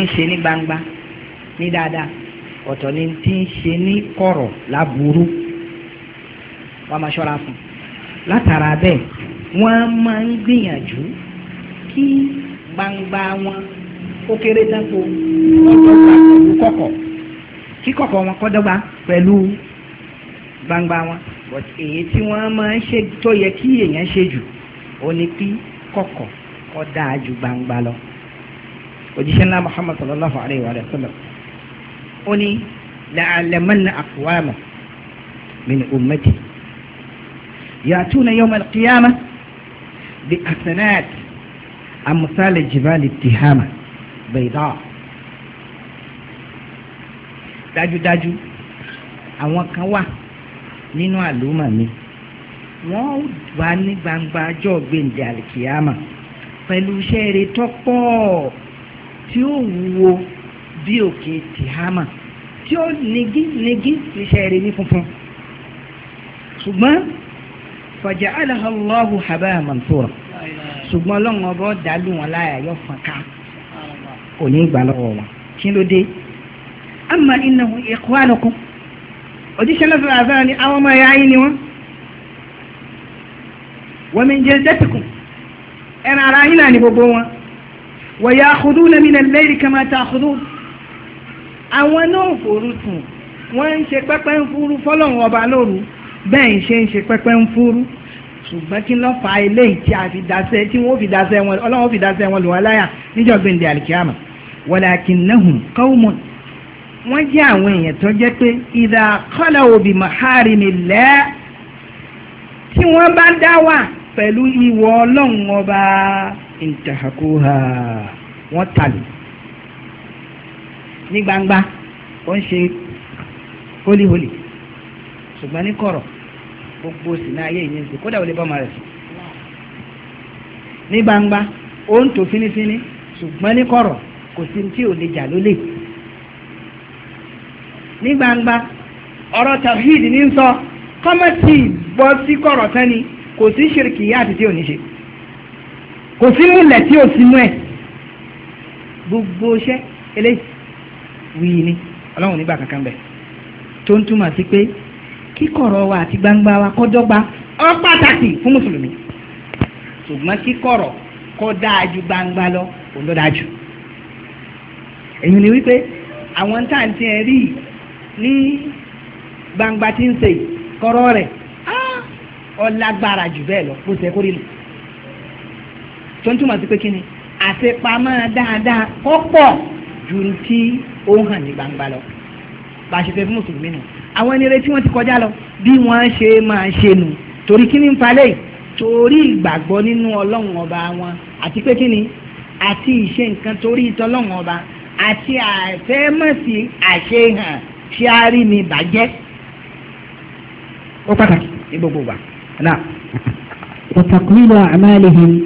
ń ṣe ní gbangba ní dáadáa ọ̀tọ̀ ni tí ń ṣe ní kọ̀rọ̀ láburú wọ́n máa ṣọ́ra fún un látara bẹ́ẹ̀ wọ́n máa ń gbìyànjú kí gbangba wọn ó kéré dáko ọ̀dọ́gba pẹ̀lú kọ̀kọ̀ kí kọ̀kọ̀ wọn kọ́ pẹ̀lú gbangba wọn but èyí tí wọ́n máa ń ṣe tó yẹ kí èèyàn ṣe jù ó ní kí kọ̀kọ̀ kọ́ dáa ju gbangba lọ òjíṣẹ́ ńlá muhammad sallallahu alayhi wa sallam ó ní la'alamanna aqwama min ummati ya'tuna yawm al-qiyamah bi hasanat amsal al-jibal al-tihama bayda dájúdájú àwọn kan wà nínú àlùmọ̀ mi wọ́n wà ní gbangba ọjọ́ gbèǹdé àlìkìyàmà pẹ̀lú iṣẹ́ tọ́pọ̀ tí ó wúwo bí òkè tìhámà tí ó nigi nigi níṣẹ́ rẹ̀ ní funfun ṣùgbọ́n fàjà aláhàlọ́hù habá mansoura ṣùgbọ́n ọlọ́run ọba dàlú wọn láyà yọ fún ká kò ní gbà lọ́wọ́ wọn kí ló dé amma innahu ikhwanukum òjíṣẹ́ lọ́sọ̀rọ̀ àzára ni àwọn ọmọ ẹ̀yà yín ni wọ́n wa min jildatikum ẹ̀rọ ara yín náà ni gbogbo wọn ويأخذون من الليل كما تأخذون àwọn náà fòrú sùn wọ́n ń ṣe pẹ́pẹ́ ń fúrú fọ́lọ́run ọba lóru bẹ́ẹ̀ ń ṣe ń ṣe pẹ́pẹ́ ń fúrú ṣùgbọ́n kí ló fa eléyìí tí a fi dasẹ́ tí wọ́n fi dasẹ́ wọn ọlọ́run fi dasẹ́ wọn lù wọ́n láyà níjọ́ gbẹ̀ǹdẹ̀ àlìkíyàmà walakinnahum qawmun wọ́n jẹ́ àwọn èèyàn tó jẹ́ pé idha khalau bi maharimillah tí wọ́n bá dá wà pẹ̀lú ìwọ ọlọ́run ọba intahakuha wọ́n tàlù ní gbangba ó ń ṣe hólíhólí ṣùgbọ́n ní kọ̀rọ̀ gbogbo sì ní ayé ìyẹn sí kódà ó lè bọ́ ọmọ rẹ̀ sùn ní gbangba ó ń tò fínífíní ṣùgbọ́n ní kọ̀rọ̀ kò sí tí ò lè jà lólè ní gbangba ọ̀rọ̀ tawhid ní sọ kọ́mẹ́tì gbọ́ sí kọ̀rọ̀ tán kò sí ṣìrìkì yá àti tí ò ní ṣe kò sí múlẹ̀ tí ò sínú ẹ̀ gbogbo iṣẹ́ eléyìí wíì ni ọlọ́run nígbà kankan bẹ̀ tó ń túmọ̀ sí pé kíkọ̀rọ̀ wa àti gbangba wa kó dọ́gba ó pàtàkì fún mùsùlùmí ṣùgbọ́n kíkọ̀rọ̀ kó dáa ju gbangba lọ kò ló dáa jù èyí ni wípé àwọn tá à ń tiẹ̀ rí ní gbangba tí ń ṣe kọ́rọ́ rẹ̀ ó lágbára jù bẹ́ẹ̀ lọ bó ṣe kórìí tó ń túmọ̀ sí pé kí ni àṣepamọ́ dáadáa kọ́pọ̀ ju ti ó ń hàn ní gbangba lọ bá a ṣe fẹ́ fún mùsùlùmí nù àwọn ẹni retí wọn ti kọjá lọ bí wọ́n ṣe máa ṣe nù torí kí ni ń falẹ̀ torí ìgbàgbọ́ nínú ọlọ́run ọba wọn àti pé kí ni àti ìṣe nǹkan torí ìtọ́lọ́run ọba àti àfẹ́mọ̀sí àṣehàn tí a rí ni bàjẹ́. ó pàtàkì ní gbogbo wa. wa taqlilu a'malihim.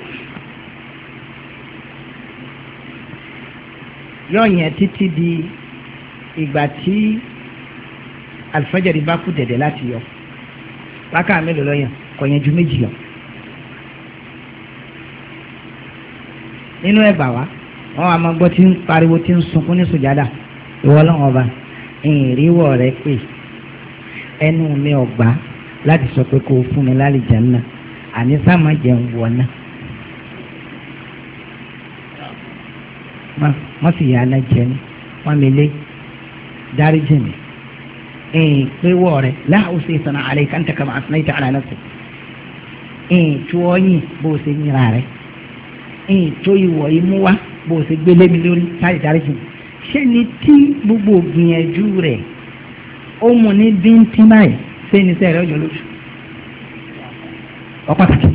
yóò yẹn títí di ìgbà tí alifajari bá kù dẹ̀dẹ̀ láti yọ rákà mélòó ló yàn kò yẹn ju méjì lọ. nínú ẹ̀bà wa wọn a máa gbọ́ tí ń pariwo tí ń sunkún ní sùjádà ìwọ ọba ìrìwọ̀ rẹ pè ẹnu mi ọ̀gbá láti sọ pé kó fún mi lálejò náà àní sáà má jẹun wọ̀ náà. má sì yà alájẹ mi má mi lé dáríjì mi ẹ̀ẹ́n pé wọ́ rẹ̀ láàá ṣe sọ̀nà àlẹ́ kàńtà kàmá àsìnáìtà àlẹ́ àlẹ́ ẹ̀ẹ́n tó ọyìn bó o ṣe yìnrà rẹ̀ ẹ̀ẹ́n tó ìwọ̀ imú wa bó o ṣe gbélé mi lórí táyì dáríjì mi ṣé ni tí gbogbo gbìyànjú rẹ̀ ó mu ní bíntín báyìí ṣé ni sẹ́ẹ̀rẹ́ ọjọ́ lójú ọ pàtàkì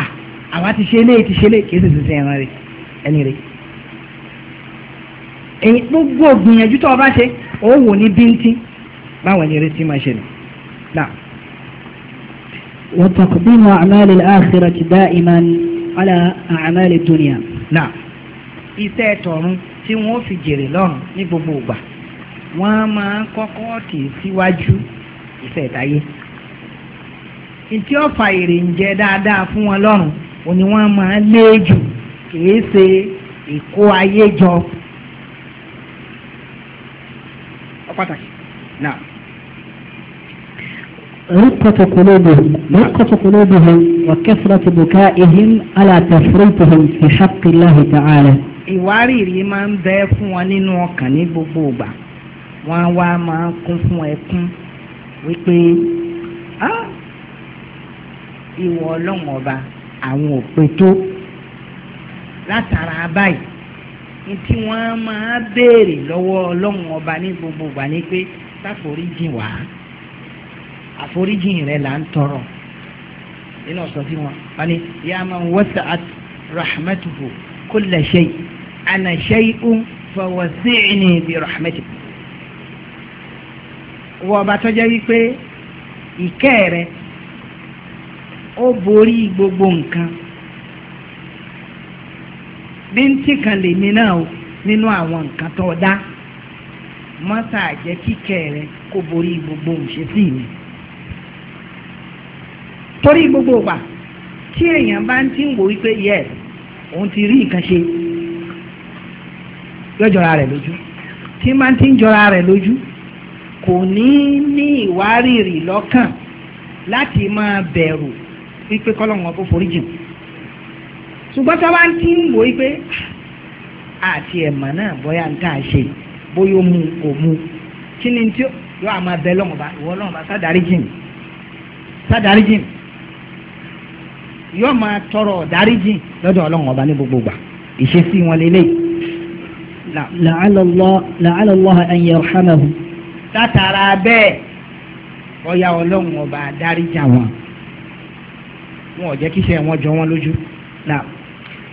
ah àwa ti ṣe eléyìí ti ṣe eléyìí kì í sì ti rẹ̀ ẹni rẹ̀. èyí gbogbo ògbìyànjú tó o bá ṣe ó wò ní bíntín báwọn ẹni retí máa ṣe وتقديم أعمال الآخرة دائما على أعمال الدنيا نعم iṣẹ́ tọ̀run ti wọ́n fi jèrè lọ́run ní gbogbo ìgbà wọ́n ma máa kọ́kọ́ siwaju síwájú iṣẹ́ ìtayé ìtí ọ̀fà nje ń jẹ wọn pàtàkì náà. رقة قلوبهم رقة قلوبهم وكثرة بكائهم على تفريطهم في حق الله تعالى ìwárìrì máa ń bẹ fún wọn nínú ọkàn ní gbogbo ìgbà wọn wá máa ń kún fún ẹkún wípé ìwọ ọlọ́run ọba àwọn ò tó látara báyìí ní tí wọ́n máa béèrè lọ́wọ́ ọlọ́run ọba ní gbogbo ìgbà ni pé sáforíjìn wá àforíjìn rẹ̀ là ń tọrọ nínú ọ̀sán tí wọ́n wọ́n ní ya man wasa'at rahmatuhu kulla shay ana shay'un fawasi'ni bi rahmatihi wọ́n ọba tọ́jọ́ wípé ìkẹ́ rẹ̀ ó borí gbogbo nǹkan. bíntì kan lèmi náà o nínú àwọn nǹkan tó dá mọ́tà jẹ́ kíkẹ́ rẹ kó borí gbogbo òṣèṣì mi torí gbogbo wa tí èèyàn bá ń tí ń wò wípé yes òun ti rí nǹkan ṣe yọjọra rẹ lójú tí máa tí ń jọra rẹ lójú kò ní ní ìwárìrì lọ́kàn láti máa bẹ̀rù wípé ọkọ̀ ṣùgbọ́n tó bá ń tí ń wò ó pé àti ah, ẹ̀mọ̀ náà bóyá ń tà ṣe bóyá ó mu kò mu kí ni tí yóò àmọ́ abẹ́ lọ́wọ́ bá ìwọ lọ́wọ́ bá sádàrí jìn sádàrí jìn yóò máa tọrọ ọ̀dárí jìn lọ́dọ̀ ọlọ́wọ́ bá ní gbogbo gbà ìṣesí wọn lélẹ́yìí. la'ala Allah la'ala Allah látara bẹ́ẹ̀ bóyá ọlọ́wọ́ bá dárí jà wọn wọn ò jẹ́ kíṣẹ́ wọn jọ wọn lójú.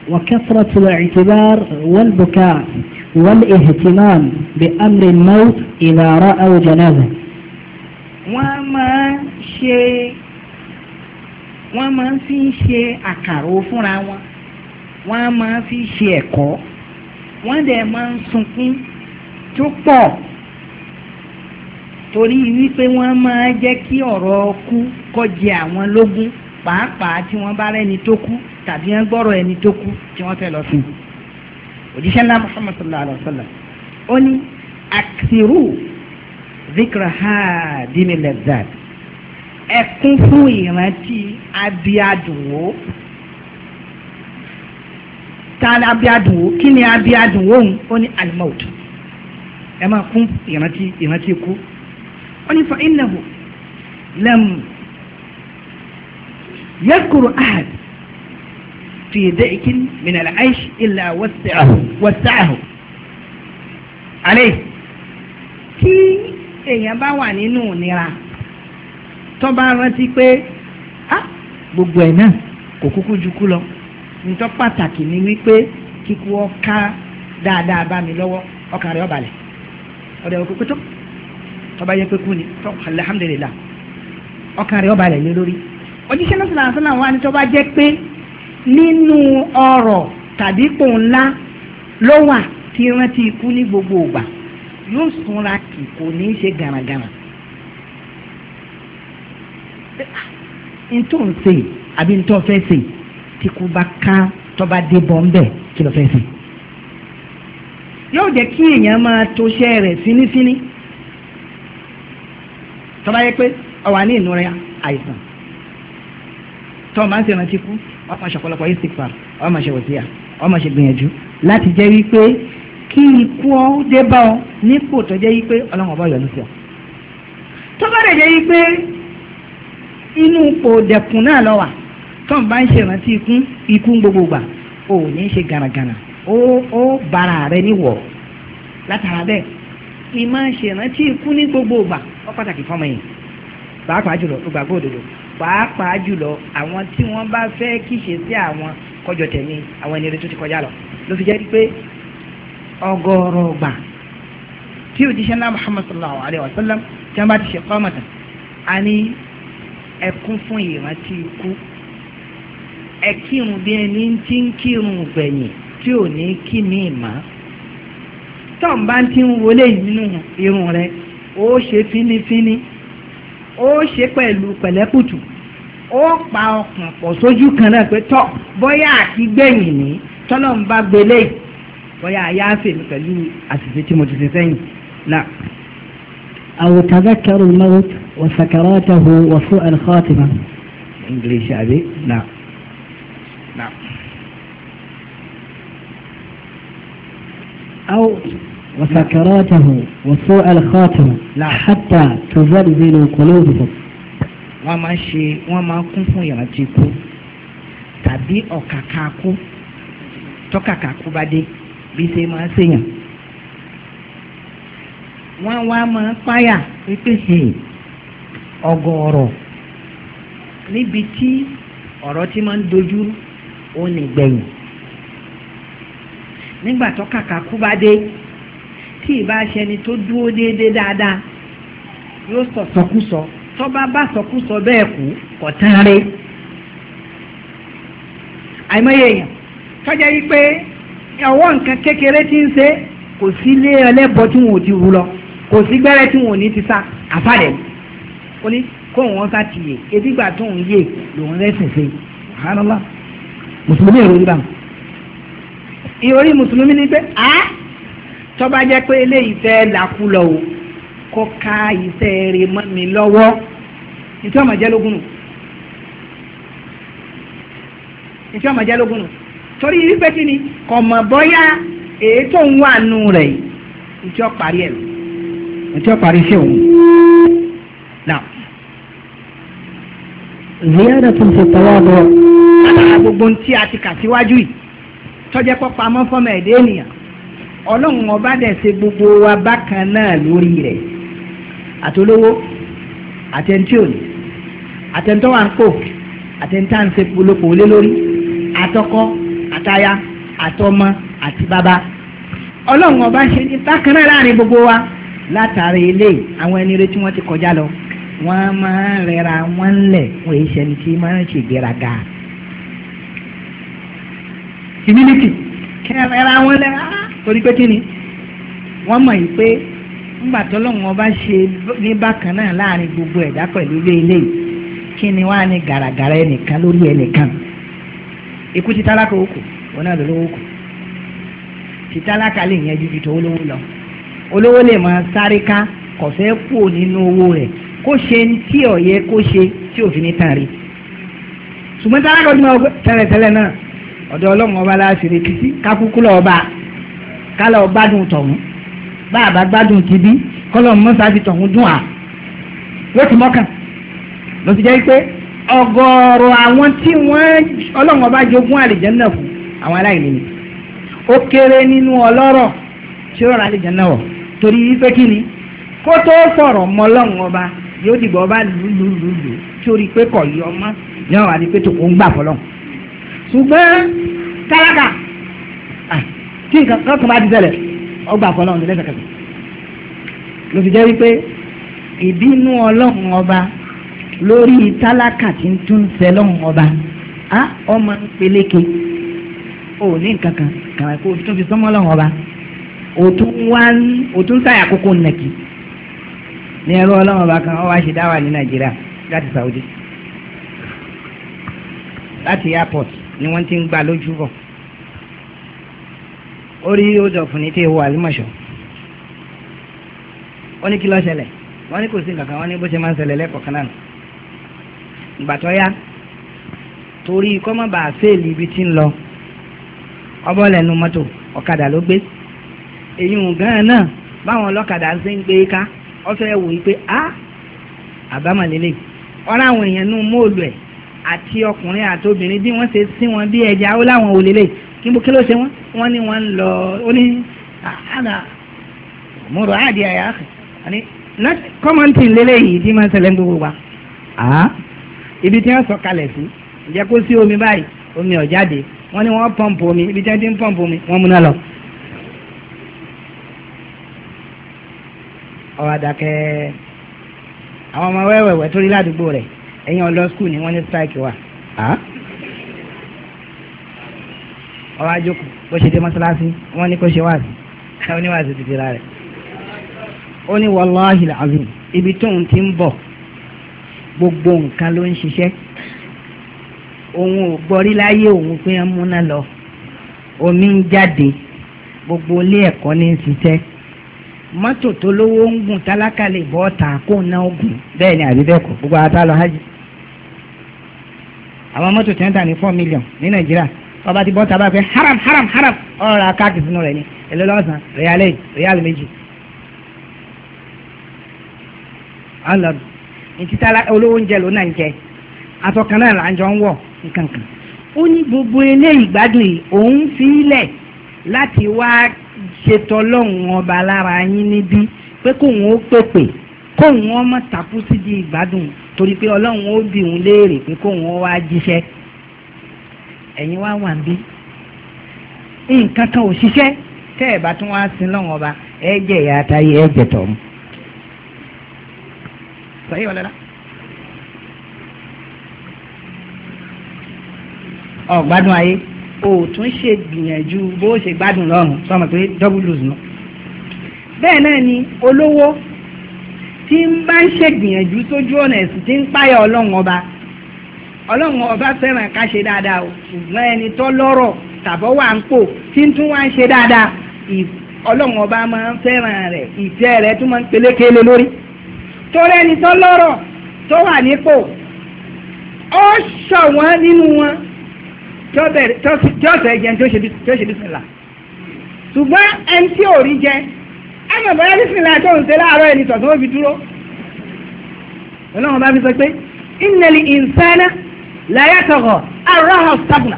وكثرة الاعتبار والبكاء والاهتمام بأمر الموت إذا رأوا جنازة وما شيء ń ṣe wọ́n máa ń fi ṣe àkàrò fúnra wọn wọ́n máa ń fi ṣe ẹ̀kọ́ wọ́n dẹ̀ máa ń sunkún tó pọ̀ torí wípé wọ́n máa jẹ́ kí ọ̀rọ̀ kú kó àwọn lógún pàápàá tí wọ́n bá rẹ́ni tó kú tàbí wọ́n gbọ́rọ̀ ẹni tó kú tí wọ́n fẹ́ lọ sí òjíṣẹ́ ńlá Muhammad sallallahu alayhi wa sallam ó ní àkìrú zikra haadini lezat ẹ kún fún ìrántí abiadùnwó ta abiadùnwó kí ni abiadùnwó ń ó ní alimout ẹ máa kún ìrántí ìrántí kú ó ní fa innahu lẹ́mu. يذكر أحد في ضيق من العيش إلا وسعه وسعه عليه kí èèyàn bá wà nínú ìnira tó bá rántí pé á gbogbo ẹ̀ náà kò kúkú ju kú lọ nítorí pàtàkì ni wípé kíkú ọ̀ka dáadáa bá mi lọ́wọ́ ọkàn rẹ̀ ọ̀bàlẹ̀ ọ̀dẹ̀ òkú tó tó bá yẹ pé kú ni tó alhamdulillah ọkàn rẹ̀ ọ̀bàlẹ̀ lé lórí òjíṣẹ́ náà sọ̀rọ̀ àṣọ àwọn àníṣọ́ bá jẹ́ pé nínú ọ̀rọ̀ tàbí ipò ńlá ló wà tí rántí ikú ní gbogbo ògbà yóò súnra kì kò ní í ṣe gàràgàrà ntọ́ ń ṣe àbí ntọ́ fẹ́ ṣe tí kú bá ká tọ́ba dé bọ́ ńbẹ̀ kí ló fẹ́ ṣe yóò jẹ́ kí èèyàn máa toṣẹ́ rẹ̀ fínífíní tọ́ba yẹ pé ọ̀wà ní ìnura àìsàn tọ́ máa ń ṣèrántí fún wọ́n máa ṣọ̀pọ̀lọpọ̀ istikpa wọ́n máa ṣe wòsíà wọ́n máa ṣe gbìyànjú láti jẹ́ wípé kí ikú ọ dé bá ọ nípò tó jẹ́ wípé ọlọ́run ọba yọ̀ lọ́sẹ̀ tó bá dẹ̀ jẹ́ wípé inú ipò dẹ̀kun náà lọ wà tọ́ bá ń ṣèrántí ikú ikú gbogbo gbà ò ní ṣe gàràgàrà ó ó bara rẹ níwọ̀ látara bẹ́ẹ̀ ìmọ̀ ṣèrántí ikú ní gbogbo gbà pàtàkì fọmọ pàápàá jùlọ àwọn tí wọ́n bá fẹ́ kíṣe sí àwọn kọjọ tẹ̀mí àwọn ènìyàn tó ti kọjá lọ ló fi jẹ́ pé ọgọ́rọ̀ ọgbà tí òjíṣẹ́ ńlá Muhammad sallallahu alayhi wa sallam tí wọ́n bá ti ṣe kọ́mọ̀tà a ní ẹkún fún ìrántí ikú ẹ kírun bí ẹni tí ń kírun gbẹ̀yìn tí ò ní kí mi mọ́ tọ́ǹbá ti ń wọlé nínú irun rẹ ó ṣe fínífíní ó ṣe pẹ̀lú pẹ̀lẹ́kùtù ó pa ọkàn pọ̀ sójú kan náà pé tọ́ bóyá àti gbẹ̀yìn ní tọ́lọ́ ń bá gbélé bóyá ayé á fèmí pẹ̀lú àṣìṣe tí mo ti ṣe sẹ́yìn náà. أو تذكر الموت وسكراته وسوء الخاتمة إنجليزي أبي نعم نعم أو وسكراته وسوء الخاتمة حتى تزلزل قلوبهم وما شيء وما wọ́n máa kún fún ìrántí kú tàbí ọ̀kàkà kú tọ́kàkà kú bá dé bí ṣe máa ṣèyàn wọ́n wá máa páyà pípèsè ọgọ́ọ̀rọ̀ níbi tí ọ̀rọ̀ tí máa ń dojú ó nígbẹ̀yìn nígbà tọ́kàkà bá dé tí ìbá ṣẹni tó dúró déédéé dáadáa yóò sọ sọkúsọ tọ́ba bá sọkúsọ bẹ́ẹ̀ kú kọ̀ tán rẹ. àìmọye èèyàn tọ́jà yìí pé ọwọ́ nǹkan kékeré tí ń ṣe kò sí ilé ẹlẹ́bọ tí wọn ò ti wú lọ kò sí gbẹ́rẹ́ tí wọn ò ní ti sá àfàdé ó ní kó wọn sá ti yè etígbà tó ń yè lòun rẹ́sìn ṣe àhánálá mùsùlùmí èrò bá wọn. ìròrí mùsùlùmí ni pé àá tọ́ba jẹ́ pé eléyìí fẹ́ làkú lọ o kọ́ ká iṣẹ́ rẹ̀ mọ́ mi lọ́wọ́ ìtí ọmọ jẹ́ lógún nù ìtí ọmọ jẹ́ lógún nù torí wípé kí ni kò mọ̀ bọ́yá èyí tó ń wà nù rẹ̀ ìtí parí ẹ̀ ìtí parí sí òun. ziyada tún ti tọwọ́ bọ̀. látara gbogbo ohun a ti kà síwájú yìí tọ́jẹ́ pọ́ pamọ́ fọ́mọ ẹ̀dẹ́ ènìyàn ọlọ́run ọba dẹ̀ ṣe gbogbo wa bákan náà lórí rẹ̀ àtolówó àtẹntíòní àtẹntọ́wàǹkò àtẹntáǹsẹ̀ polówó lé lórí àtọkọ àtaya àtọmọ àti bàbá ọlọ́run ọba ṣe ní bákan náà láàrin gbogbo wa látàrí ilé àwọn ẹni rẹ tí wọ́n ti kọjá lọ wọ́n máa ń rẹra wọ́n ń lẹ̀ wọ́n èyí ṣẹni tí máa ń ṣègbéraga. humility kẹrẹra wọn lẹ́ra ah! á. torí pé kí ni wọ́n mọ̀ yìí pé ńgbà tọ́lọ́run ọba ṣe ní bákan náà láàrin gbogbo ẹ̀dá pẹ̀lú ilé ilé ni wọ́n á ní gàràgàrà ẹnìkan lórí ẹnìkan ikú ti tálákà òkú wọn náà lọ́wọ́ òkú ti tálákà lè yẹn ju ìtọ́ olówó lọ olówó lè máa sáré ká kò fẹ́ kú nínú owó rẹ̀ kó ṣe tí kó ṣe tí òfin ní tàn rí ṣùgbọ́n tálákà kálọ̀ gbádùn tọ̀hún báàbá gbádùn tìbí kọ́lọ̀ mọ́sáàbí tọ̀hún dùn à ló ti mọ́kàn ló ti jẹ́ pé ọgọ́rọ̀ àwọn tí wọ́n ọlọ́run ọba jogún àlìjẹ́nà fún àwọn aláìní ni ó kéré nínú ọlọ́rọ̀ tí ó rọra àlìjẹ́nà wọ̀ torí pé kí ni kó tó sọ̀rọ̀ mọ́ ọlọ́run ọba yóò dìbò ọba lùlùlùlù tí ó rí pé kọ̀ yí ọmọ yóò wà ní pé tó ń gbà fọlọ́run ṣùgbọ́n tálákà tí nǹkan kan kan bá ti ṣẹlẹ̀ ọgbà fọlọ́ ọ̀nà lẹ́sẹ̀kẹsẹ̀ ló fi jẹ́ wípé ìbínú ọlọ́run ọba lórí tálákà tí ń tún ṣẹ lọ́run ọba á ọmọ ń peléke ò ní nǹkan kan kàwé kó o tún fi sọ́mọ́ lọ́run ọba òtún wá òtún sáyà kókó nàkì ní ẹrú ọlọ́run ọba kan ọwọ́ àṣẹ dáwà ní nàìjíríà láti Saudi láti airport ni wọ́n ti ń gbà lójú bọ̀. orí odò fúnni tí ìwọ àlùmọ̀ṣọ́ wọ́n ní kí ló ṣẹlẹ̀ wọ́n ní kò sí nǹkan kan wọ́n ní bó ṣe máa ń ṣẹlẹ̀ lẹ́kọ̀ọ́kan náà ìgbà tó yá torí ibi tí ń lọ ọbọ̀ lẹ́nu mọ́tò ọ̀kadà ló gbé èyí ò gan náà báwọn ọlọ́kadà ń ṣe ń gbé ká ọfẹ́ wò yí pé a àbámalélé ọ̀rọ̀ àwọn èèyàn nú móòlù ẹ̀ àti ọkùnrin àtobìnrin bí wọ́n ṣe sí wọn bí ẹja ó láwọn òlélẹ̀ kí mo kí ló ṣe wọ́n wọ́n ní wọ́n ń lọ ó ní àhánà mo rọ̀ áàdì àyà àní kọ́mọ̀ntì lélẹ́yìí tí máa ń ṣẹlẹ̀ gbogbo wa ah, ibi tí wọ́n sọ kalẹ̀ sí ìjẹ́ kó sí omi báyìí omi ò jáde wọ́n ní wọ́n pọ́ǹpù omi ibi tí wọ́n ti ń pọ́ǹpù omi wọ́n múná lọ. ọ̀rọ̀ àdàkẹ́ àwọn ọmọ wẹ́wẹ̀wẹ́ tó rí ládùúgbò rẹ̀ ẹ̀yin ọlọ́ skul ni wọ́n ní strike wà. Ah, ọwọ́ ajókòó bó ṣe dé mọ́ṣáláṣí wọ́n ní kó ṣe wáàsí àwọn oníwàásí ti dira rẹ̀ ó ní wàláhì làzim ibi tóun ti ń bọ̀ gbogbo nǹkan ló ń ṣiṣẹ́ òun ò gbọ́rí láyé òun pé ń múná lọ omi ń jáde gbogbo ilé ẹ̀kọ́ ní ń ṣiṣẹ́ mọ́tò tó lówó ń gùn tálákà lè bọ́ ọ̀tà kó ná ogun bẹ́ẹ̀ ni àbí bẹ́ẹ̀ kọ́ gbogbo ata hajj àwọn mọ́tò tí ní four million ní nàìjíríà ọba ti bọ́ sábà pé haram haram haram ọ̀rọ̀ ra káàkiri sínú rẹ̀ ni èlé lọ́sàn-án rẹ̀yálẹ̀ rẹ̀yálẹ̀ méjì. alọ́dù ìtítà olówó oúnjẹ ló náà ń jẹ atọ́kan náà là ń jọ ń wọ̀ nkankan. ó ní gbogbo eléyìí gbádùn yìí òun fi í lẹ̀ láti wá ṣètò lọ́hùn ọba lára yín níbí pé kóun ó pèpè kóun ó mọ̀ tàkú sídìí ìgbádùn torí pé ọlọ́run ó bì òun léèrè pé kóun ó wá jíṣẹ́ ẹ̀yin wá wà ń bí nǹkan kan ò ṣiṣẹ́ tẹ́ ẹ̀ bá tún wá sin lọ́wọ́ ọba ẹ jẹ́ ìyá àtàyè ẹ jẹ́ tọ̀hún. sọ́yìn ayé o tún ṣe gbìyànjú bó ṣe gbádùn lọ́rùn sọmọ pé double lose nù. bẹ́ẹ̀ náà ni olówó tí ń bá ń ṣègbìyànjú tójú ọ̀nà ẹ̀sìn tí ń páyà ọlọ́run ọba ọlọ́run ọba fẹ́ràn ká ṣe dáadáa o ṣùgbọ́n ẹni tó lọ́rọ̀ tàbọ̀ wà ń pò tí ń tún wá ń ṣe dáadáa ọlọ́run ọba máa ń fẹ́ràn rẹ̀ ìfẹ́ rẹ̀ tún máa ń pelékele lórí torí ẹni tó lọ́rọ̀ tó wà nípò ó ṣọ̀wọ́n nínú wọn tí ọ̀sẹ̀ jẹun tí ó ṣe bísìnlá ṣùgbọ́n ẹni tí ò rí jẹ ẹnì bọ́lá bísìnlá tó ń ṣe láàárọ̀ ẹni tọ̀tún ó fi dúró ọlọ́run ọba fi sọ pé ìnnẹ̀lì ìnsẹ́nà. láyàtọ̀gọ̀ aráhà stagna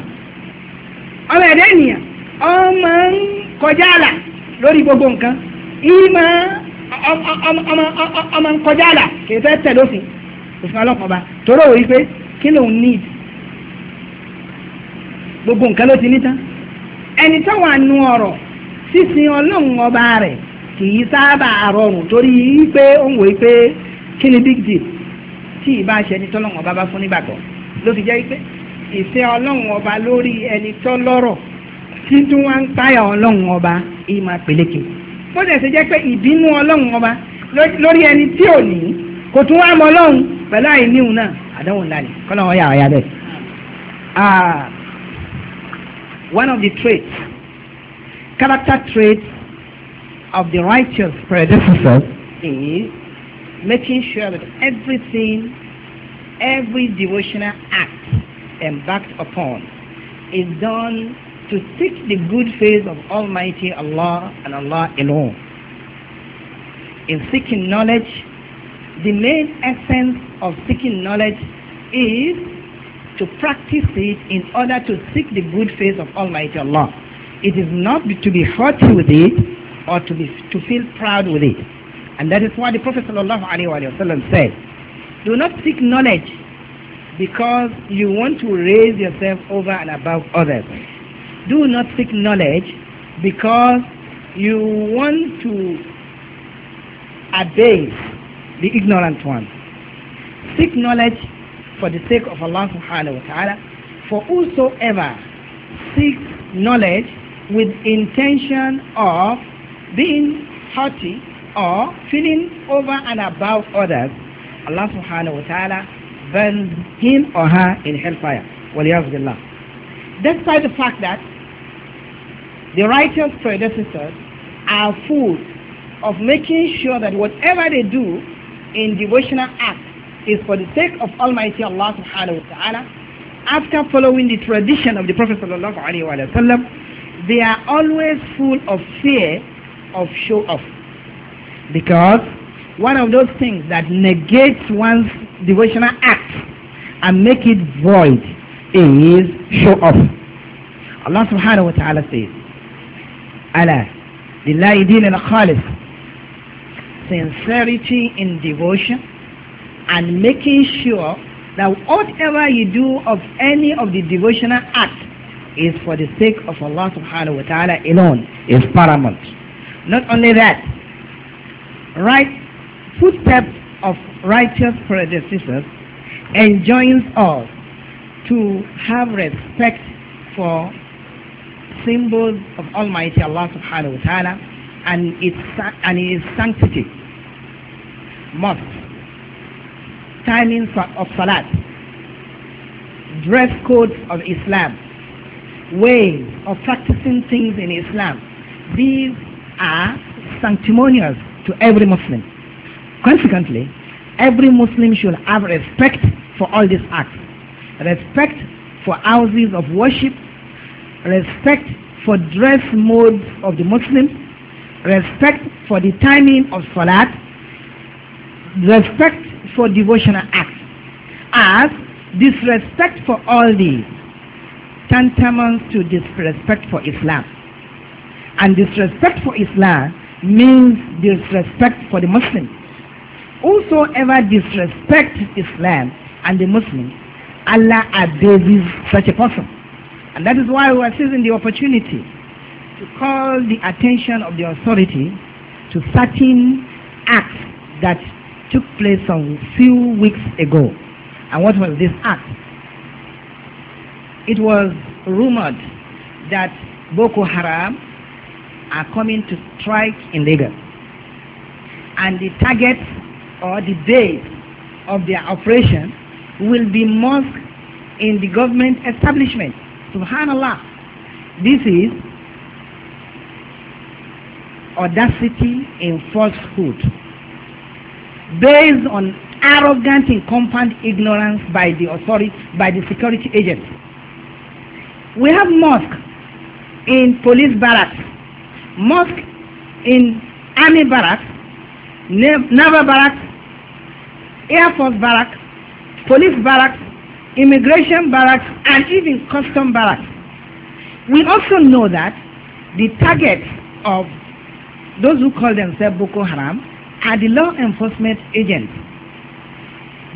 ọmọ ẹ̀dẹ́ ènìyàn ọmọ ń kọjá àlà lórí gbogbo nǹkan ìmọ̀ ọmọ ń kọjá àlà kìí fẹ́ tẹ̀ lófin òfin ọlọ́pàá tóró wò kí need gbogbo nǹkan ló ti ní tán ẹni tó wà nù ọ̀rọ̀ sísin ọlọ́run ọba kìí sábà torí pé big deal tí ì bá ṣe ẹni bá fún ló fi jẹ́ pé ìfẹ́ ọlọ́run ọba lórí ẹni tó lọ́rọ̀ tí tún wá ń táyà ọlọ́run ọba yìí máa peléke bó ṣe jẹ́ pé ìbínú ọlọ́run ọba lórí ẹni tí ò ní kò tún wá mọ ọlọ́run pẹ̀lú àìníhùn náà àdánwò ńlá ni kọ́nà wọn yà ọ́ bẹ́ẹ̀. Ah, one of the traits character traits of the righteous predecessor is making sure that everything every devotional act embarked upon is done to seek the good face of Almighty Allah and Allah alone. In seeking knowledge, the main essence of seeking knowledge is to practice it in order to seek the good face of Almighty Allah. It is not to be haughty with it or to, be, to feel proud with it. And that is why the Prophet ﷺ said, do not seek knowledge because you want to raise yourself over and above others. Do not seek knowledge because you want to obey the ignorant one. Seek knowledge for the sake of Allah subhanahu wa ta'ala. For whosoever seeks knowledge with intention of being haughty or feeling over and above others, Allah subhanahu wa ta'ala burns him or her in hellfire. Billah. Despite the fact that the righteous predecessors are full of making sure that whatever they do in devotional acts is for the sake of Almighty Allah subhanahu wa ta'ala, after following the tradition of the Prophet sallallahu alaihi wasallam, they are always full of fear of show off. Because one of those things that negates one's devotional act and make it void is show off. Allah subhanahu wa ta'ala says, Allah, the deen al-khalis, sincerity in devotion and making sure that whatever you do of any of the devotional acts is for the sake of Allah subhanahu wa ta'ala alone is paramount. Not only that, right footsteps of righteous predecessors enjoins us to have respect for symbols of Almighty Allah subhanahu wa ta'ala and its, and its sanctity. Must timing of Salat, dress codes of Islam, ways of practicing things in Islam. These are sanctimonious to every Muslim. Consequently, every Muslim should have respect for all these acts. Respect for houses of worship, respect for dress modes of the Muslims, respect for the timing of Salat, respect for devotional acts. As disrespect for all these tantamount to disrespect for Islam. And disrespect for Islam means disrespect for the Muslims. Whosoever disrespects Islam and the Muslims, Allah abases such a person. And that is why we are seizing the opportunity to call the attention of the authority to certain acts that took place some few weeks ago. And what was this act? It was rumored that Boko Haram are coming to strike in Lagos. And the targets or the date of their operation will be mosque in the government establishment. Subhanallah. This is audacity in falsehood based on arrogant and compound ignorance by the authority by the security agents. We have mosque in police barracks, mosque in army barracks, naval barracks, Air Force barracks, police barracks, immigration barracks, and even custom barracks. We also know that the targets of those who call themselves Boko Haram are the law enforcement agents.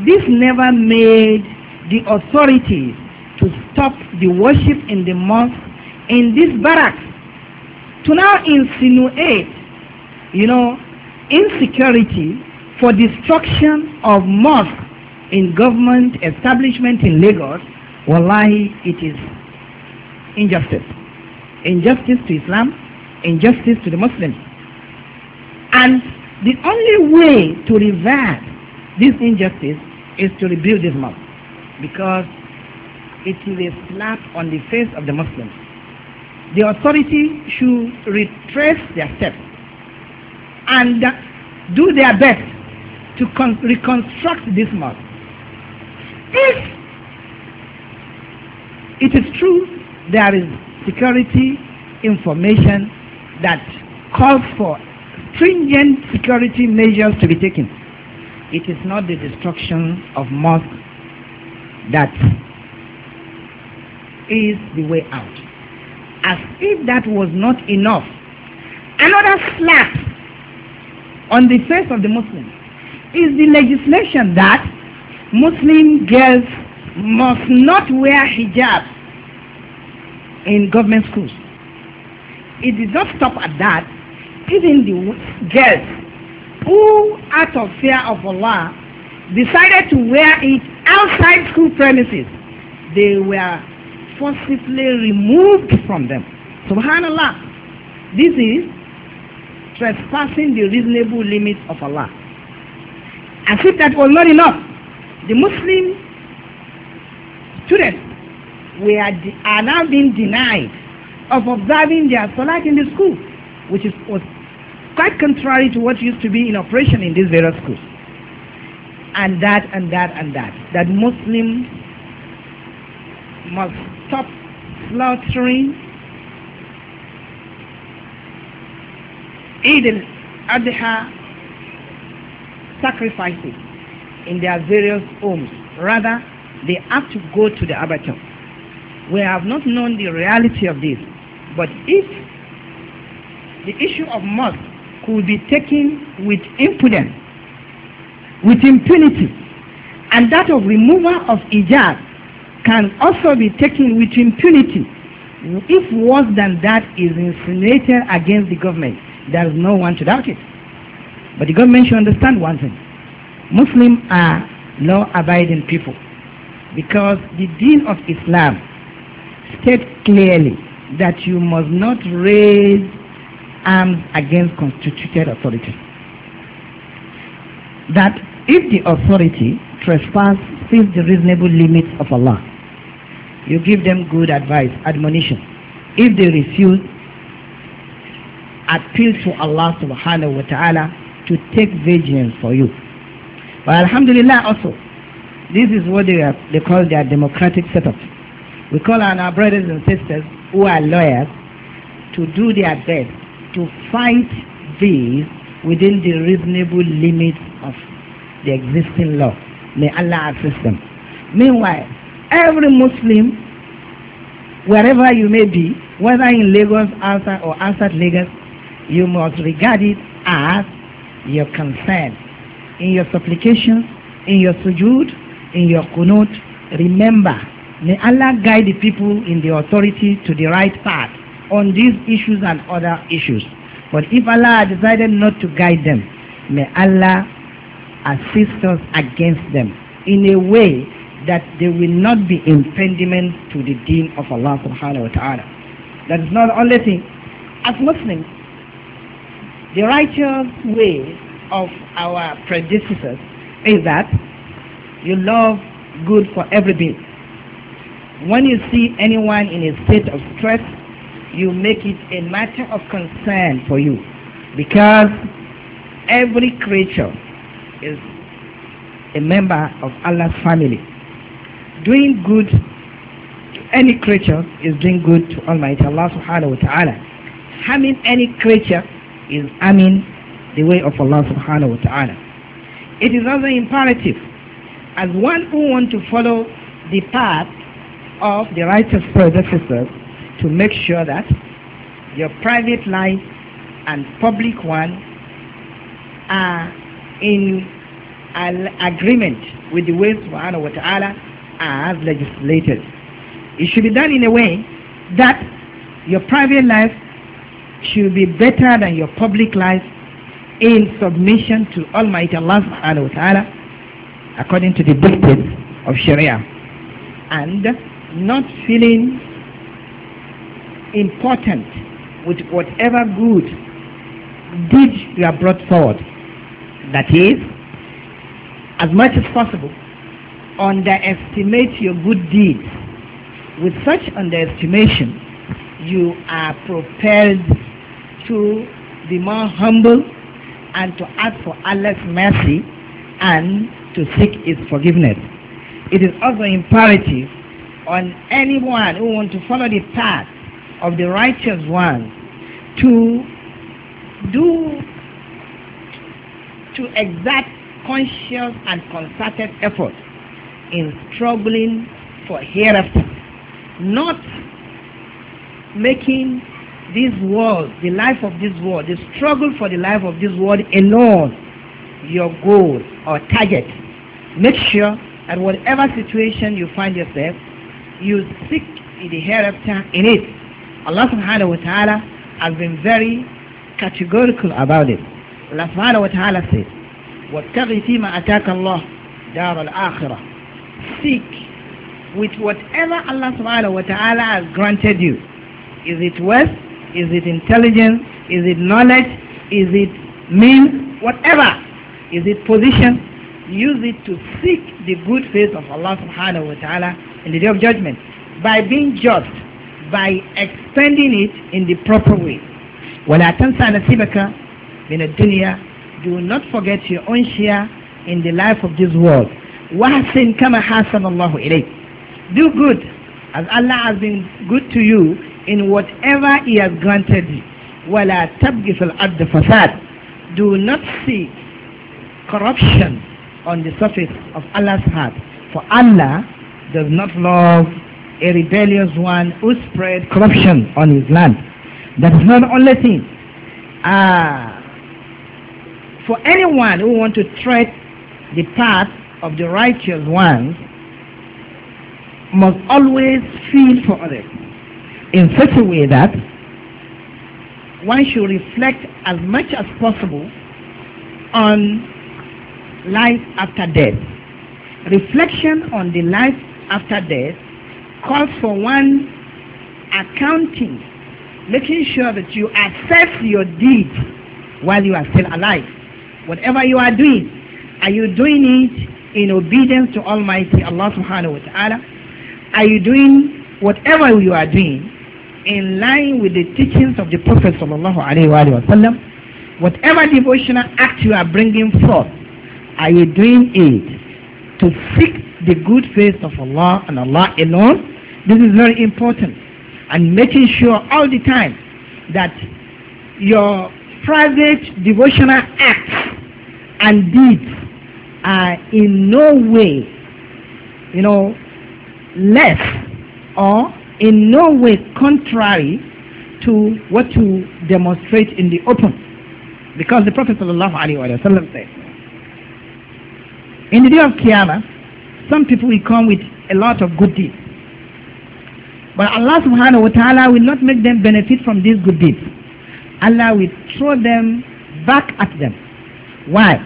This never made the authorities to stop the worship in the mosque in this barracks. To now insinuate, you know, insecurity for destruction of mosque in government establishment in Lagos, wallahi, it is injustice. Injustice to Islam, injustice to the Muslims. And the only way to reverse this injustice is to rebuild this mosque because it is a slap on the face of the Muslims. The authority should retrace their steps and do their best to reconstruct this map. If it is true there is security information that calls for stringent security measures to be taken, it is not the destruction of mosques that is the way out. As if that was not enough, another slap on the face of the Muslims is the legislation that Muslim girls must not wear hijab in government schools. It did not stop at that. Even the girls who, out of fear of Allah, decided to wear it outside school premises, they were forcibly removed from them. Subhanallah. This is trespassing the reasonable limits of Allah. As if that was not enough, the Muslim students were, are now being denied of observing their salat in the school, which is, was quite contrary to what used to be in operation in these various schools. And that, and that, and that. That Muslims must stop slaughtering Eid al-Adha sacrifices in their various homes. Rather, they have to go to the abattoir. We have not known the reality of this, but if the issue of mosque could be taken with impudence, with impunity, and that of removal of hijab can also be taken with impunity if worse than that is insinuated against the government. There is no one to doubt it. But the government should understand one thing. Muslims are law-abiding people because the deen of Islam states clearly that you must not raise arms against constituted authority. That if the authority trespasses the reasonable limits of Allah, you give them good advice, admonition. If they refuse, appeal to Allah subhanahu wa ta'ala to take vengeance for you. But Alhamdulillah also, this is what they, are, they call their democratic setup. We call on our brothers and sisters who are lawyers to do their best to fight these within the reasonable limits of the existing law. May Allah assist them. Meanwhile, every Muslim, wherever you may be, whether in Lagos, Ansar, or outside Lagos, you must regard it as your concern, in your supplications, in your sujood, in your kunut. Remember, may Allah guide the people in the authority to the right path on these issues and other issues. But if Allah decided not to guide them, may Allah assist us against them in a way that they will not be impediments to the deen of Allah subhanahu wa ta'ala. That is not the only thing. As Muslims, the righteous way of our predecessors is that you love good for everything. When you see anyone in a state of stress, you make it a matter of concern for you because every creature is a member of Allah's family. Doing good to any creature is doing good to Almighty Allah subhanahu wa ta'ala. Harming any creature is earning the way of Allah subhanahu wa ta'ala. It is also imperative as one who wants to follow the path of the righteous predecessors to make sure that your private life and public one are in agreement with the ways subhanahu wa ta'ala as legislated. It should be done in a way that your private life should be better than your public life in submission to Almighty Allah subhanahu wa ta'ala according to the dictates of Sharia and not feeling important with whatever good deed you are brought forward. That is, as much as possible, underestimate your good deeds. With such underestimation, you are propelled to be more humble and to ask for Allah's mercy and to seek His forgiveness. It is also imperative on anyone who wants to follow the path of the righteous one to do to exact conscious and concerted effort in struggling for hereafter, not making this world, the life of this world, the struggle for the life of this world alone, your goal or target. Make sure that whatever situation you find yourself, you seek the hereafter in it. Allah subhanahu wa ta'ala has been very categorical about it. Allah subhanahu wa ta'ala says, "What فِي مَا أَتَاكَ اللَّهُ دَارَ الْآخِرَةِ Seek with whatever Allah subhanahu wa ta'ala has granted you. Is it wealth? Is it intelligence? Is it knowledge? Is it means? Whatever. Is it position? Use it to seek the good face of Allah subhanahu wa ta'ala in the day of judgment by being just, by expending it in the proper way. وَلَا تَنْسَ نَسِيبَكَ مِنَ الدُّنْيَا Do not forget your own share in the life of this world. وَحَسِنْ كَمَا حَسَنَ اللَّهُ إِلَيْكَ Do good as Allah has been good to you in whatever he has granted you. وَلَا تَبْغِثِ الْأَرْضَ فَسَادٍ Do not seek corruption on the surface of Allah's heart. For Allah does not love a rebellious one who spread corruption on his land. That is not the only thing. Ah, for anyone who wants to tread the path of the righteous ones must always feel for others in such a way that one should reflect as much as possible on life after death. Reflection on the life after death calls for one accounting, making sure that you assess your deeds while you are still alive. Whatever you are doing, are you doing it in obedience to Almighty Allah subhanahu wa ta'ala? Are you doing whatever you are doing in line with the teachings of the Prophet sallallahu alaihi wasallam, whatever devotional act you are bringing forth, are you doing it to seek the good face of Allah and Allah alone? This is very important. And making sure all the time that your private devotional acts and deeds are in no way, you know, less or in no way contrary to what you demonstrate in the open. Because the Prophet ﷺ said, in the day of Qiyamah, some people will come with a lot of good deeds. But Allah subhanahu wa ta'ala will not make them benefit from these good deeds. Allah will throw them back at them. Why?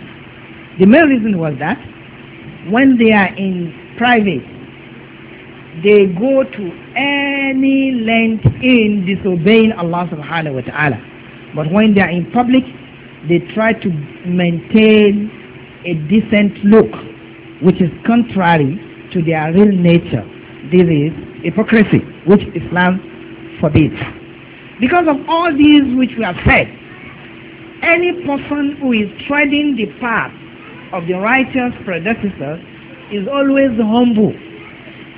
The main reason was that when they are in private they go to any length in disobeying Allah subhanahu wa ta'ala. But when they are in public, they try to maintain a decent look, which is contrary to their real nature. This is hypocrisy, which Islam forbids. Because of all these which we have said, any person who is treading the path of the righteous predecessors is always humble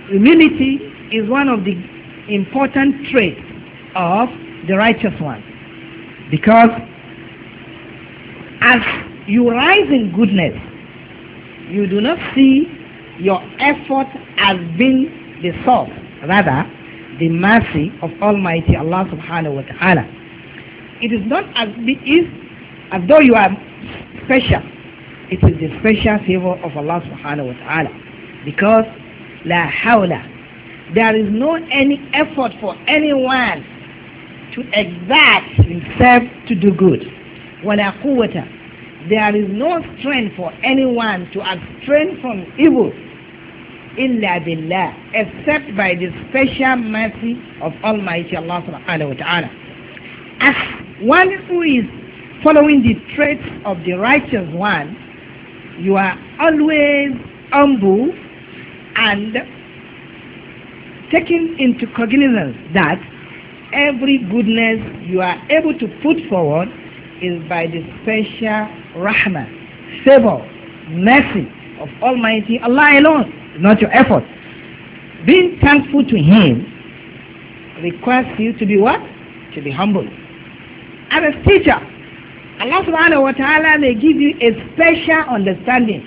Humility is one of the important traits of the righteous one. Because as you rise in goodness, you do not see your effort as being the source, rather the mercy of Almighty Allah subhanahu wa ta'ala. It is not as if, as though you are special. It is the special favor of Allah subhanahu wa ta'ala. Because La hawla. There is no any effort for anyone to exert himself to do good. Wala quwwata. There is no strength for anyone to abstain from evil. Illa billah. Except by the special mercy of Almighty Allah subhanahu wa ta'ala. As one who is following the traits of the righteous one, you are always humble and taking into cognizance that every goodness you are able to put forward is by the special rahmah, favor, mercy of Almighty Allah alone, not your effort. Being thankful to Him requires you to be what? To be humble. As a teacher, Allah subhanahu wa ta'ala may give you a special understanding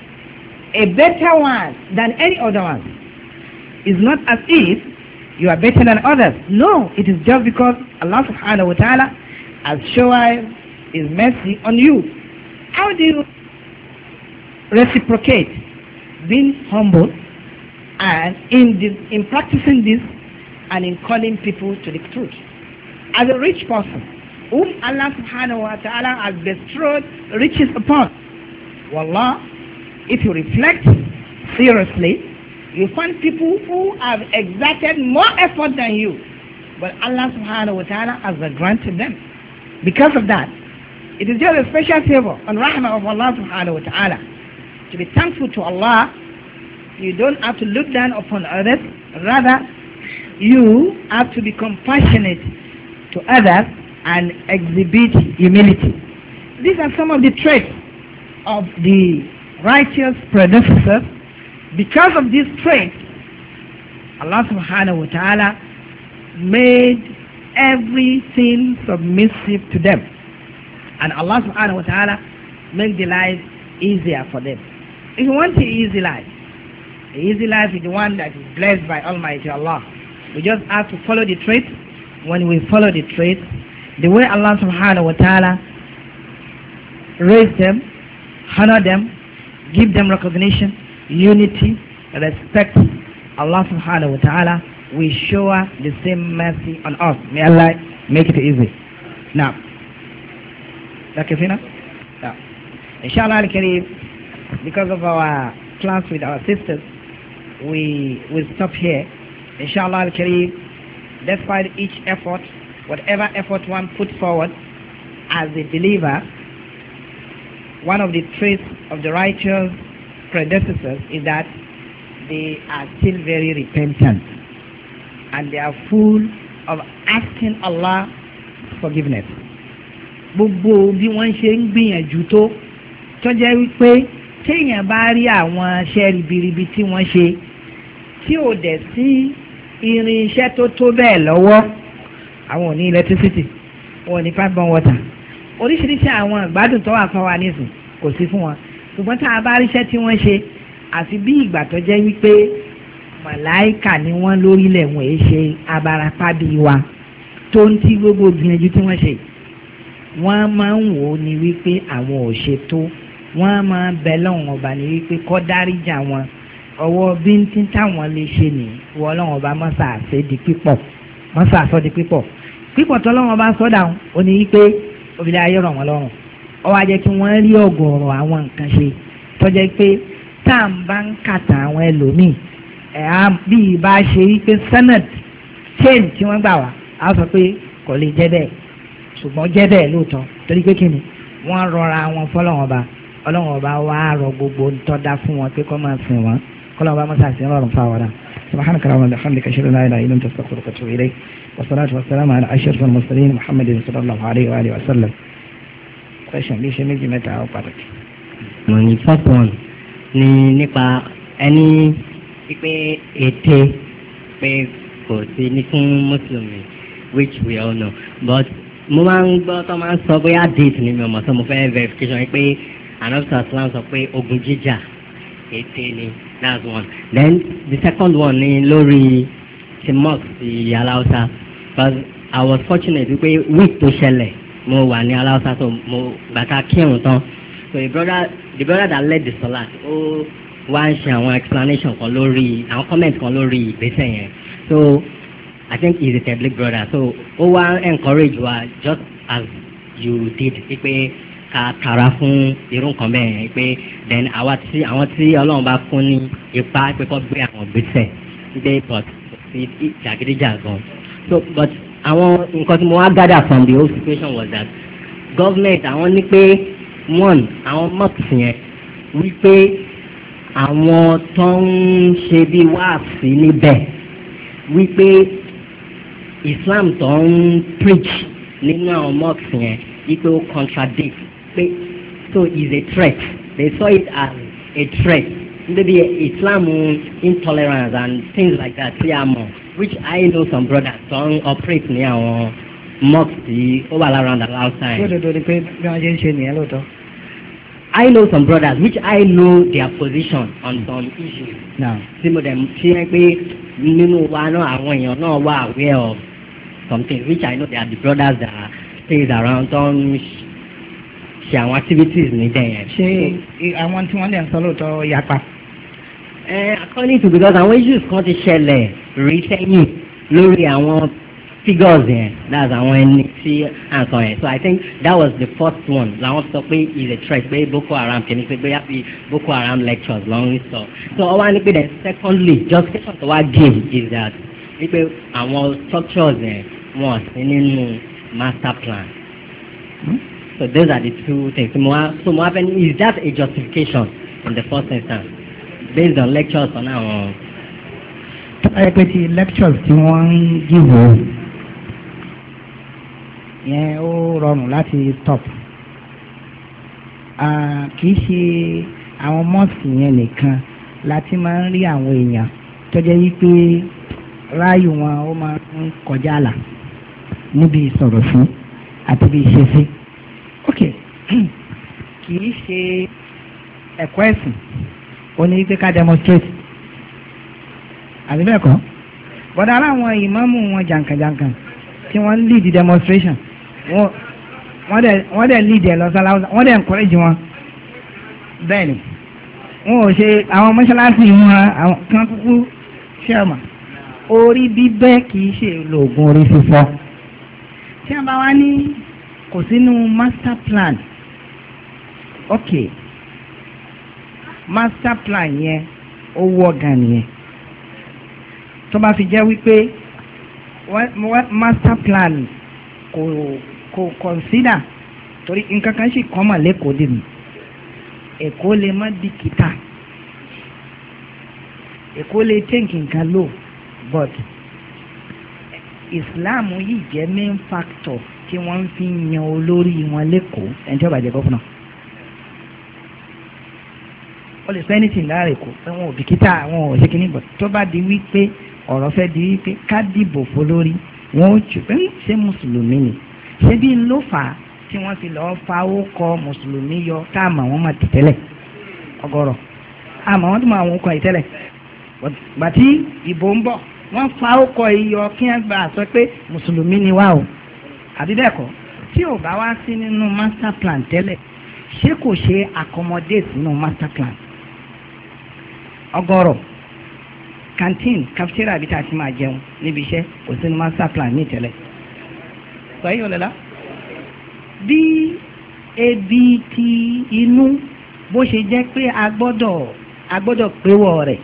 a better one than any other one. It's not as if you are better than others. No, it is just because Allah subhanahu wa ta'ala has shown his mercy on you. How do you reciprocate being humble and in, this, in practicing this and in calling people to the truth? As a rich person, whom Allah subhanahu wa ta'ala has bestowed riches upon, Wallah, if you reflect seriously, you find people who have exerted more effort than you. But Allah subhanahu wa ta'ala has granted them. Because of that, it is just a special favor and rahmah of Allah subhanahu wa ta'ala. To be thankful to Allah, you don't have to look down upon others. Rather, you have to be compassionate to others and exhibit humility. These are some of the traits of the righteous predecessors, because of this trait, Allah subhanahu wa ta'ala made everything submissive to them. And Allah subhanahu wa ta'ala made the life easier for them. If you want an easy life, the easy life is the one that is blessed by Almighty Allah. We just have to follow the trait. When we follow the trait, the way Allah subhanahu wa ta'ala raised them, honor them, Give them recognition, unity, respect. Allah subhanahu wa ta'ala will shower the same mercy on us. May Allah make it easy. Now, Now, inshallah al because of our class with our sisters, we will stop here. Inshallah al despite each effort, whatever effort one put forward as a believer, one of the traits of the righteous predecessors is that they are still very repentant and they are full of asking Allah forgiveness. Gbogbo bí wọ́n ṣe ń gbìyànjú tó tó jẹ́ wípé téèyàn bá rí àwọn iṣẹ́ ribiribi tí wọ́n ṣe tí ò dẹ̀ sí irin tó tó bẹ́ẹ̀ lọ́wọ́ àwọn ò ní electricity wọn ò ní pipe bomb water oríṣiríṣi àwọn ìgbádùn tó wà fún wa nísìn kò sí fún wọn ṣùgbọ́n tá a bá ríṣẹ́ tí wọ́n ṣe àfi bí ìgbà tó jẹ́ wípé màláìkà ni wọ́n lórílẹ̀ wọ́n èé ṣe abarapá bíi wa tó ń tí gbogbo gbìyànjú tí wọ́n ṣe wọ́n máa ń wò ó ní wípé àwọn ò ṣe tó wọ́n máa ń bẹ lọ́wọ́n ọba ní wípé kọ́ dáríjà wọn ọwọ́ bíntín táwọn lè ṣe nì wọ́n lọ́wọ́n ọba mọ́sà di pípọ̀ mọ́sà di pípọ̀ pípọ̀ tọ́lọ́wọ́n ọba sọ́dà ó wípé obìnrin ayé ràn wọ́n lọ́rùn ó wá jẹ́ kí wọ́n rí ọ̀gọ̀ọ̀rọ̀ àwọn nǹkan ṣe tó jẹ́ pé tá à ń bá ń kàtà àwọn ẹlòmíì bí ibà ṣe rí pé senate chain tí wọ́n gbà wá á sọ pé kò lè jẹ́ bẹ́ẹ̀ ṣùgbọ́n jẹ́ bẹ́ẹ̀ lóòótọ́ torí pé kí ni wọ́n rọra wọn fọlọ́wọ́n ba ọlọ́wọ́n ba wá rọ gbogbo ntọ́da fún wọn pé kọ́ máa sìn wọn kọ́lọ́wọ́n bá mọ́sá sí ọlọ́run fáwọn سبحانك اللهم وبحمدك اشهد ان لا اله الا انت استغفرك واتوب اليك والصلاه والسلام على اشرف المرسلين محمد صلى الله عليه واله وسلم question bí ṣe méjì mẹ́ta ó pàtàkì. mo ní first one ni nípa ẹni pípé ète pé kò sí ní fún mùsùlùmí which we all know but mo máa ń gbọ́ tó máa ń sọ bóyá date ni mi ò mọ̀ sọ mo fẹ́ verification pé anabisa islam sọ pé ogun jíjà ète ni that's one then the second one ni lórí ti mosque ti aláwùsá but I was fortunate wípé week tó ṣẹlẹ̀ mo wà ní aláwọ̀sá so mo bàtà kírun tán so the brother the brother that led the solat ó wá ń ṣe àwọn explanation kan lórí àwọn comment kan lórí ìgbésẹ̀ yẹn so I think he is a public brother so ó wá encourage wa just as you did pé ká tara fún irú nǹkan bẹ́ẹ̀ yẹn pé then àwa tí àwọn tí ọlọ́run bá fún ní ipa pé kó gbé àwọn ìgbésẹ̀ gbé but sí jàgídíjàgan so but àwọn nǹkan tí mo wá gather from the whole situation was that government àwọn ní pé one àwọn mosques yẹn wípé àwọn tó ń ṣe bí wáàsí níbẹ̀ wípé Islam tó ń preach nínú àwọn mosques yẹn wípé ó contradict pé so is a threat they saw it as a threat Maybe Islam intolerance and things like that tí a mọ̀ which I know some brothers don operate ní àwọn mosque tí ó wà lára and around time. Ṣé òdodo ni pé bí wọ́n ṣe ń ṣe nìyẹn lóòótọ́? I know some brothers which I know their position on some issues. Tí mo dẹ̀ ṣe é pé nínú wa náà àwọn èèyàn náà wà aware of something which I know they are the brothers that stays around tó ń ṣe àwọn activities ní dẹ̀ yẹn. Ṣé àwọn tí wọ́n lè ń sọ lóòótọ́ yapa? according to because àwọn issues kan ti ṣẹlẹ̀ rí sẹ́yìn lórí àwọn figures yẹn that's àwọn ẹni tí à ń sọ yẹn so i think that was the first one làwọn sọ pé is a threat pé boko haram kìíní pé bóyá bí boko haram lectures lọ́n ń sọ so ọwọ́ ni pé then secondly just justification tó wá game is that wípé àwọn structures yẹn wọ́n sí nínú master plan so those are the two things so mo so mo wá fẹ́ ni is that a justification in the first instance based on lectures on àwọn. tó bá yẹ pé ti lectures tí wọ́n ń give o yẹn ó rọrùn láti stop kì í ṣe àwọn mosque yẹn nìkan la ti máa ń rí àwọn èèyàn tó jẹ́ wípé ráàyè wọn ó máa ń kọjá àlà níbi ìsọ̀rọ̀ fún àti bí ìṣe sí. kì í ṣe ẹ̀kọ́ ẹ̀sìn ó ní pé ká demonstrate àbí bẹ́ẹ̀ kọ́ bọ́dà aláwọn ìmáàmù wọn jàǹkàjàǹkà tí wọ́n ń lead demonstration wọ́n dẹ̀ lead ẹ̀ lọ́sọ̀lá wọ́n dẹ̀ encourage wọn bẹ́ẹ̀ ni wọn ò ṣe àwọn mọ́ṣáláṣí wọn kan kúkú ṣe ọmọ orí bíbẹ́ kìí ṣe lóògùn orí fífọ́ tí wọ́n ní kò sínú master plan okay master plan yẹn ó wọ́ gan nìyẹn tó bá fi jẹ́ wípé master plan kò kò consider torí nǹkan kan sì kọ́ mà lẹ́kọ̀ọ́ dè mí èkó lè má bìkítà èkó lè tẹ̀ǹkì nǹkan lò but Islam yìí jẹ́ main factor tí wọ́n fi ń yan olórí wọn lẹ́kọ̀ọ́ ẹni tí ó bá gọ́fúnà o lè sọ anything láàrè kó àwọn òbíkítà àwọn òṣèkínní bọ̀ tó bá di wípé ọ̀rọ̀ fẹ́ di wípé ká dìbò fólórí wọn ó jù pé ṣé mùsùlùmí ni ṣé bí ló fà á tí wọ́n fi lọ́ọ́ fawó kọ mùsùlùmí yọ tá a mọ̀ wọ́n máa tẹ̀tẹ́lẹ̀ ọgọ́rọ̀ a mọ̀ wọ́n tó máa wọ́n kọ ìtẹ́lẹ̀ gbàtí ìbò ń bọ̀ wọ́n fawó kọ iyọ̀ kí wọ́n gbà sọ pé mùsùlùmí ni wá o àbí tí ò bá wá sí nínú master plan tẹ́lẹ̀ ṣé kò ṣe accommodate nínú master plan ọgọ́rọ̀ canteen cafeteria bí tá a ti máa jẹun níbi iṣẹ́ kò sínú master plan ní ìtẹ́lẹ̀ sọyìn ọ̀lẹ́lá bí ebi ti inú bó ṣe jẹ́ pé a gbọ́dọ̀ a gbọ́dọ̀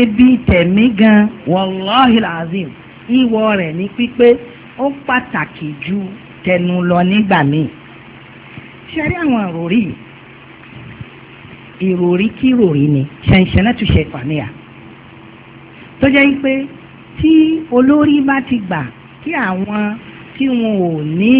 ebi tẹ̀mí gan wàláhi lazim ìwọ rẹ̀ ní pípé ó pàtàkì ju tẹnu lọ nígbà míì ṣe rí àwọn àròrí yìí ìròrí tí ìròrí ni ṣàǹṣàǹlá tún ṣe pàmìyà tó jẹ́ pé tí olórí bá ti gbà kí àwọn tí wọn ò ní